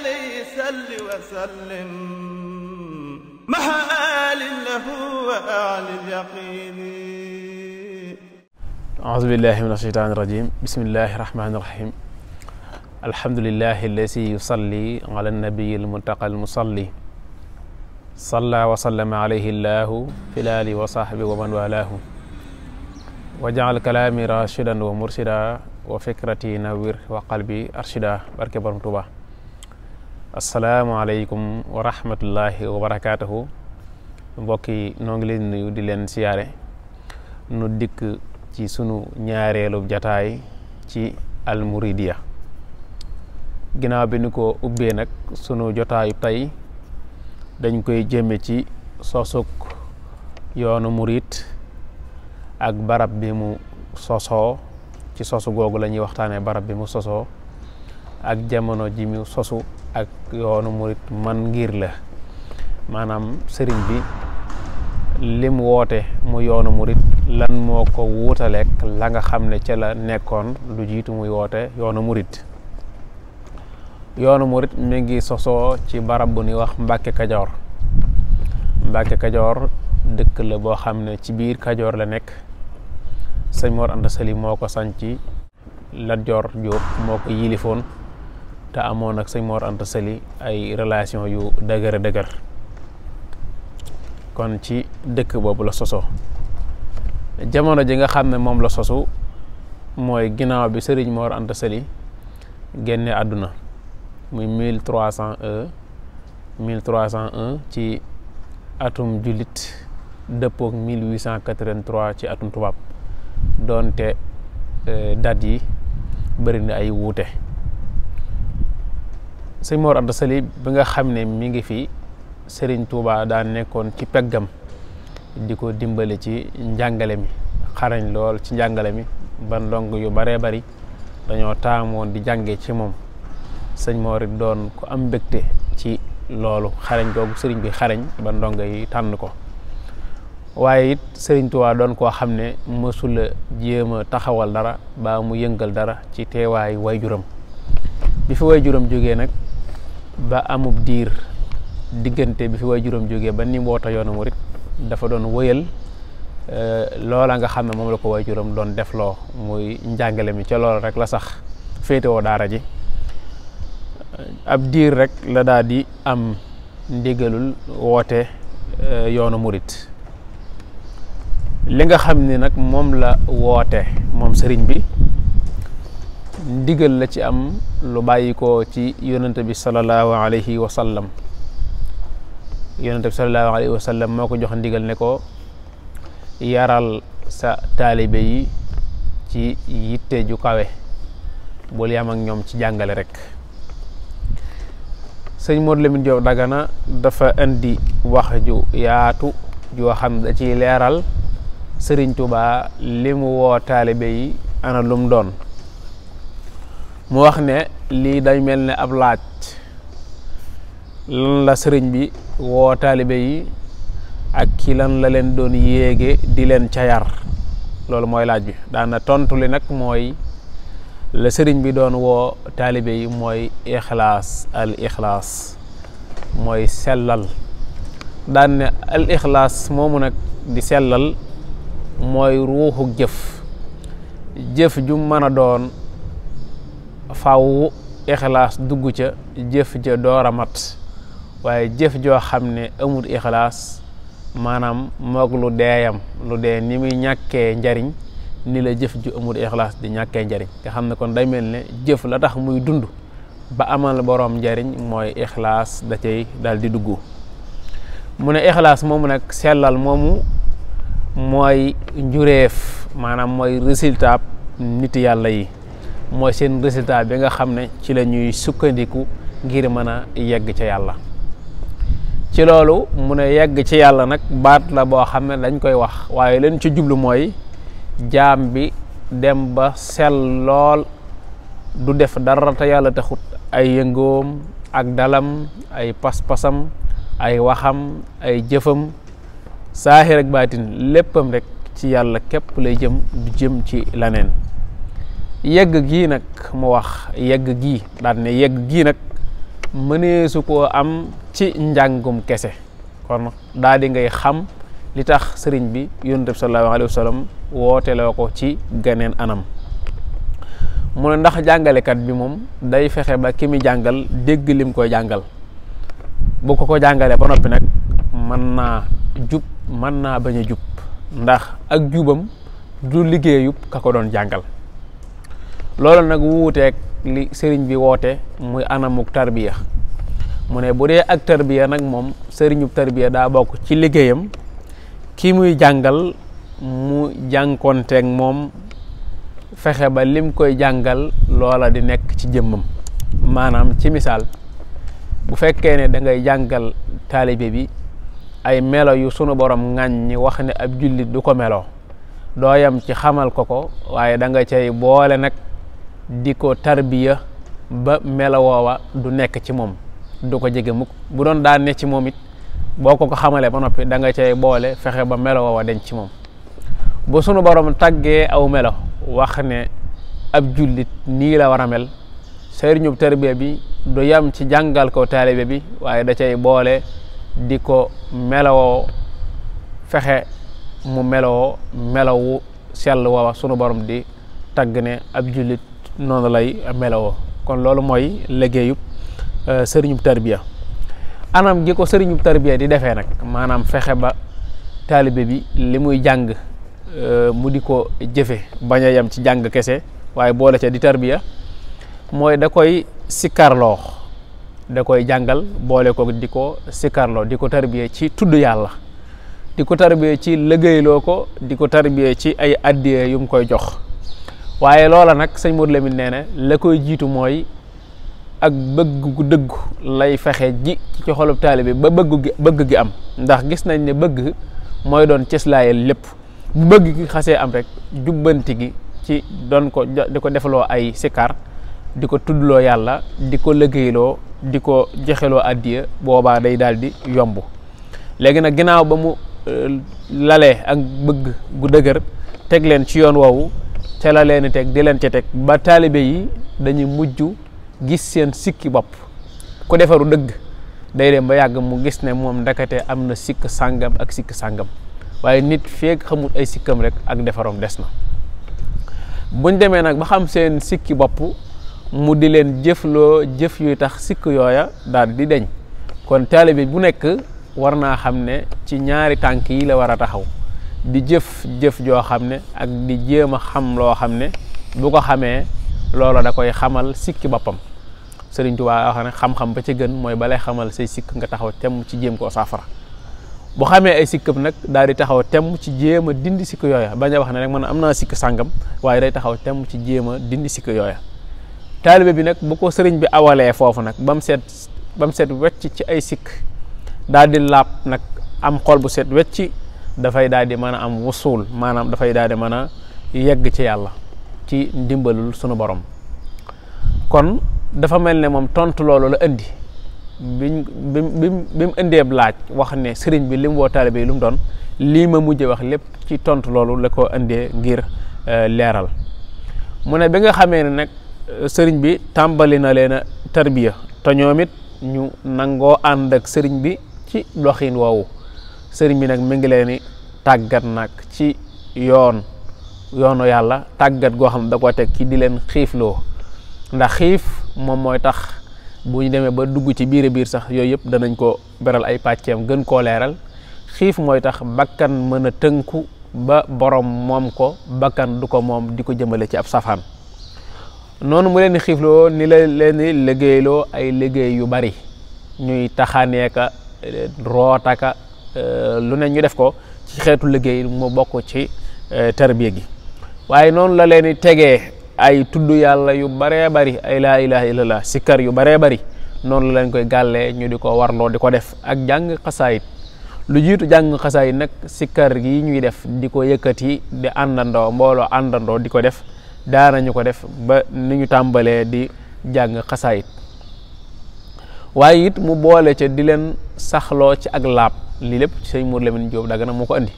عليه سل وسلم ما آل له وأعلى اليقين أعوذ بالله من الشيطان الرجيم بسم الله الرحمن الرحيم الحمد لله الذي يصلي على النبي المتقى المصلي صلى وسلم عليه الله في الآل وصحبه ومن والاه وجعل كلامي راشدا ومرشدا وفكرتي نوير وقلبي أرشدا الله برمتوبة asalaamualeykum wa rahmatullahi wa barakaatuhu mbokk yi noo ngi leen nuyu di leen siyaare nu dikk ci sunu ñaareelu jataay ci almuridiya ginnaaw bi nu ko ubbee nag sunu jotaayu tey dañ koy jëme ci sosuk yoonu murit ak barab bi mu sosoo ci sosu googu lañuy waxtaanee barab bi mu sosoo ak jamono ji mu sosu ak yoonu murit man ngir la maanaam sëriñ bi lim woote mu yoonu murit lan moo ko wuutaleek la nga xam ne ca la nekkoon lu jiitu muy woote yoonu murit yoonu murit mi ngi sosoo ci barab bu ñuy wax Mbàkke Kajoor Mbàkke Kajoor dëkk la boo xam ne ci biir Kajoor la nekk sëñ Mor Anta Sali moo ko sanc Lat Joor Jóob moo ko yilifoon te amoon ak sëñ moor entre Sali ay relation yu dëgër dëgër kon ci dëkk boobu la soso jamono ji nga xam ne moom la sosu mooy ginnaaw bi sëriñ moor Anta Sali génne àdduna muy mille trois cent un e, mille trois e ci atum jullit dëppook mille huit cent quatre ci atum tubaab doonte eh, dat yi bëri na ay wuute sëñ Mor Anta bi nga xam ne mu ngi fi Serigne Touba daan nekkoon ci peggam di ko dimbali ci njàngale mi xarañ lool ci njàngale mi ba ndong yu baree bari dañoo taamoon di jànge ci moom sëñ Mor it doon ko am mbégte ci loolu xarañ googu sëriñ bi xareñ ba ndongo yi tànn ko waaye it sëriñ Touba doon koo xam ne mësula jéem a taxawal dara ba mu yëngal dara ci teewaayu waajuram bi fi waajuram jógee nag ba amub diir diggante bi fi juróom jóge ba ni mu woote yoonu murit dafa doon wëyal euh, loola nga xam ne moom la ko juróom doon defloo muy njàngale mi ca loola rek la sax féetewoo daara ji ab diir rek la daal di am ndigalul woote euh, yoonu murit li nga xam ni nag moom la woote moom sëriñ bi ndigal la ci am lu bàyyi ko ci yonente bi salallaahu alayhi wa sallam yonente bi salallaahu alayhi wa moo ko jox ndigal ne ko yaral sa taalibe yi ci yitte ju kawe bul yam ñoom ci jàngale rek sëñ Modou Lamine Diop Dagana dafa indi wax ju yaatu joo xam da ciy leeral Sëriñ Tuubaa li mu woo taalibe yi ana lum doon mu wax ne lii day mel ne ab laaj lan la sëriñ bi woo taalibe yi ak ki lan la leen doon yéege di leen ca yar loolu mooy laaj bi daana tontu li nag mooy la sëriñ bi doon woo taalibe yi mooy ixlaas al ixlaas mooy sellal daan ne al ixlaas moomu nag di sellal mooy ruuxu jëf jëf ju mën a doon faw ixlaas dugg ca jëf ja door waaye jëf joo xam ne amul ixlaas maanaam moog lu deeyam lu dee ni muy ñàkkee njariñ ni la jëf ju amul ixlaas di ñàkkee njariñ nga xam ne kon day mel ne jëf la tax muy dund ba amal borom njariñ mooy ixlaas da cay dal di dugg mu ne ixlaas moomu nag sellal moomu mooy njureef maanaam mooy résultat nit yàlla yi moy seen résultat bi nga xam ci lañuy sukkandiku ngir mëna yegg ci yalla ci lolu mu ne yegg ci yalla nak baat la bo xam lañ koy wax waye leen ci djublu moy jaam bi dem ba sel lol du def dara taxut ay yengom ak dalam ay pas-pasam ay waxam ay jëfëm sahir ak batin leppam rek ci yalla kep lay jëm du jëm ci lanen yëg gii nag mu wax yegg gi daan ne yegg gii nag mëneesu koo am ci njàngum kese kon daa di ngay xam li tax sëriñ bi yonent bi sallallahu alayhi wa sallam wooteloo ko ci geneen anam mu ne ndax jàngalekat bi moom day fexe ba ki mi jàngal dégg lim koy jàngal bu ko ko jàngalee ba noppi nag mën naa jub mën naa bañ a jub ndax ak jubam du liggéeyub ka ko doon jàngal loolu nag wuuteeg li sëriñ bi woote muy anamuk tarbiya mu ne bu dee ak tarbiya nag moom sëriñub tarbiya daa bokk ci liggéeyam kii muy jàngal mu jànkonteeg moom fexe ba lim koy jàngal loola di nekk ci jëmmam maanaam ci misaal bu fekkee ne dangay jàngal taalibe bi ay melo yu sunu borom ŋañ ñi wax ne ab jullit du ko meloo dooyam ci xamal ko ko waaye danga nga boole nag di ko tarbiya ba melowoowa du nekk ci moom du ko jege mukk bu doon daa ne ci moom it boo ko ko xamalee ba noppi da nga cay boole fexe ba melowoowa denc ci moom bu sunu borom tàggee aw melo wax ne ab jullit nii la war a mel sëriñub tarbiya bi du yam ci jàngal ko taalibe bi waaye da cay boole di ko melowoo fexe mu melowoo melowu sell woowa sunu borom di tagg ne ab jullit noonu lay melawoo kon loolu mooy liggéeyub euh, sëriñub tarbiya anam gi ko sëriñub tarbiya di defee nag maanaam fexe ba taalibe bi li muy jàng euh, mu di ko jëfe bañ a yem ci jàng kese waaye boole ca di tarbiya mooy da koy sikkarloo da koy jàngal boole ko di ko sikkarloo di ko tarbiya ci tudd yàlla di ko tarbiya ci liggéeyloo ko di ko tarbiya ci ay addiya yu mu koy jox waaye loola nag sëñ Modou Lamine nee na la koy jiitu mooy ak bëgg gu dëggu lay fexe ji ci xolub taalibe ba bëgg gi bëgg gi am ndax gis nañ ne bëgg mooy doon cëslaayal lépp bu bëgg gi xasee am rek jubbanti gi ci doon ko di ko defaloo ay sikar di ko tuddloo yàlla di ko liggéeyloo di ko joxeloo addiya boobaa day daal di yomb léegi nag ginnaaw ba mu euh, lalee ak bëgg gu dëgër teg leen ci yoon woowu ca la leen teg di leen ca teg ba taalibe yi dañuy mujj gis seen sikki bopp ku defaru dëgg day dem ba yàgg mu gis ne moom ndakate am na sikk sàngam ak sikk sàngam waaye nit feeg xamul ay sikkam rek ak defaroom des na buñ demee nag ba xam seen sikki bopp mu di leen jëfloo jëf yuy tax sikk yooya daal di deñ kon taalibe bu nekk war naa xam ne ci ñaari tànk yi la war a taxaw di jëf jëf joo xam ne ak di jéem a xam loo xam ne bu ko xamee looloo da koy xamal sikki boppam Sëriñ Tuubaa wax ne xam-xam ba ci gën mooy ba lay xamal say sikk nga taxaw temm ci jéem koo saafara bu xamee ay sikkam nag daal di taxaw temm ci jéem a dindi sikk yooya ba a wax ne rek man am naa sikk sàngam waaye day taxaw temm ci jéem a dindi sikk yooya taalibe bi nag bu ko sëriñ bi awalee foofu nag ba mu seet ba mu seet wecc ci ay sikk daal di laab nag am xool bu seet wecc dafay daal di mën a am wusuul maanaam dafay daal di mën a yegg ci yàlla ci ndimbalul sunu borom kon dafa mel ne moom tontu loolu la indi biñ bi bi mu indeeb laaj wax ne sëriñ bi li mu woo taalibe lu mu doon lii ma mujj wax lépp ci tontu loolu la ko indee ngir euh, leeral mu ne bi nga xamee ne nag euh, sëriñ bi tàmbali na leen a tarbiya te ñoom it ñu nangoo ànd ak sëriñ bi ci loxin woowu sëriñ bi nag mi ngi leen ni tàggat nag ci yoon yoonu yàlla tàggat goo xam da ko teg ci di leen xiifloo ndax xiif moom mooy tax bu ñu demee ba dugg ci biir biir sax yooyu yëpp danañ ko beral ay pàcceem gën koo leeral xiif mooy tax bakkan mën a ba borom moom ko bakkan du ko moom di ko jëmale ci ab safaan noonu mu leen di xiifloo ni la leen di liggéeyloo ay liggéey yu bari ñuy taxaneeka rootaka Euh, lu ne ñu def ko ci xeetu liggéey mu bokk ci euh, tarbiya gi waaye noonu la leen di tegee ay tudd yàlla yu baree bari ay laa ilaha illallah sikkar yu baree bari noonu la leen koy gàllee ñu di ko warloo di ko def ak jàng xasaayit lu jiitu jàng xasaayit nag sikkar gi ñuy def di ko yëkkati di àndandoo mbooloo àndandoo di ko def daanañu ko def ba ni ñu tàmbalee di jàng xasaayit waaye it mu boole ca di leen saxloo ci ak laab lii lépp sëñ Mour Lamine Diop Dagana moo ko andi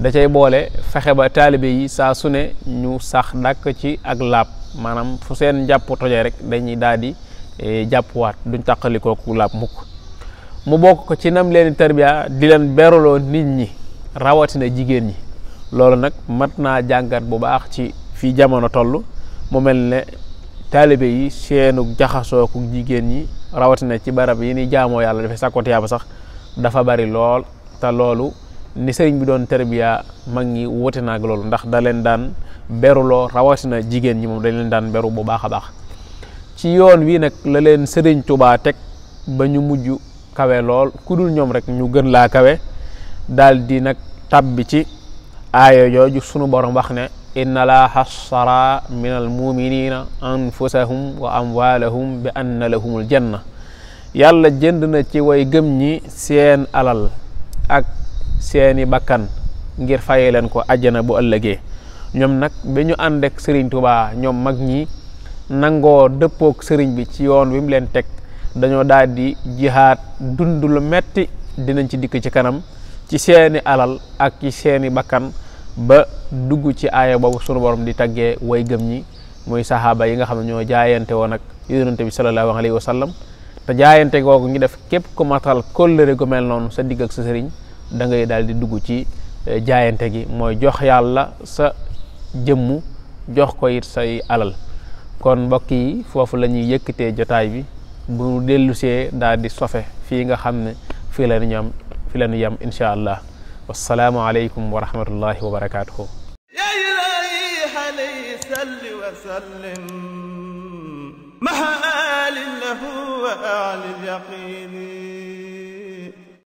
da cay boole fexe ba taalibe yi saa su ne ñu sax dàkk ci ak làpp maanaam fu seen njàpp tojee rek dañuy daal di eh, jàppuwaat duñ tàqalikooku laab mukk mu bokk ko ci nam leen tarbiya di leen beraloo nit ñi rawatina jigéen ñi loolu nag mat naa jàngat bu baax ci fii jamono toll mu mel ne taalibe yi seenu jaxasoo ku jigéen ñi rawatina ci barab yi ni jaamoo yàlla dafay sàkkoot yàlla sax dafa bari lool ta loolu ni sëriñ bi doon tarbiya mag ñi wute naag loolu ndax da leen daan beruloo rawatina jigéen ñi moom da leen daan beru bu baax a baax ci yoon wii nag la sëriñ Tuubaa teg ba ñu mujj kawe lool ku dul ñoom rek ñu gën laa kawe daal di nag tabbi ci aaya jooju sunu borom mbax ne inna laa xasara min al muminina anfusahum wa amwalahum bi anna lahumul janna yàlla jënd na ci way gëm ñi seen alal ak seeni bakkan ngir faye leen ko àjjana bu ëllëgee ñoom nag bi ñu ànd ak sëriñ Tuubaa ñoom mag ñi nangoo dëppook sëriñ bi ci yoon wi mu leen teg dañoo daal di jihaat dund lu metti dinañ ci dikk ci kanam ci seeni alal ak ci seeni bakkan ba dugg ci aaya boobu sunu borom di taggee way gëm ñi muy saxaaba yi nga xam ne ñoo jaayante woon ak yonente bi sallallahu alayhi wa sallam te jaayante googu ñu def képp ku matal kóllëre gu mel noonu sa digg ak sa sëriñ da ngay daal di dugg ci eh, jaayante gi mooy jox yàlla sa jëmm jox ko it say alal kon mbokk yi foofu la ñuy yëkkatee jotaay bi bu dellusee daldi sofe fii nga xam ne fii la ñu yam fii la ñu incha allah wasalaamu aleykum wa rahmatullahi أهو أعلى اليقين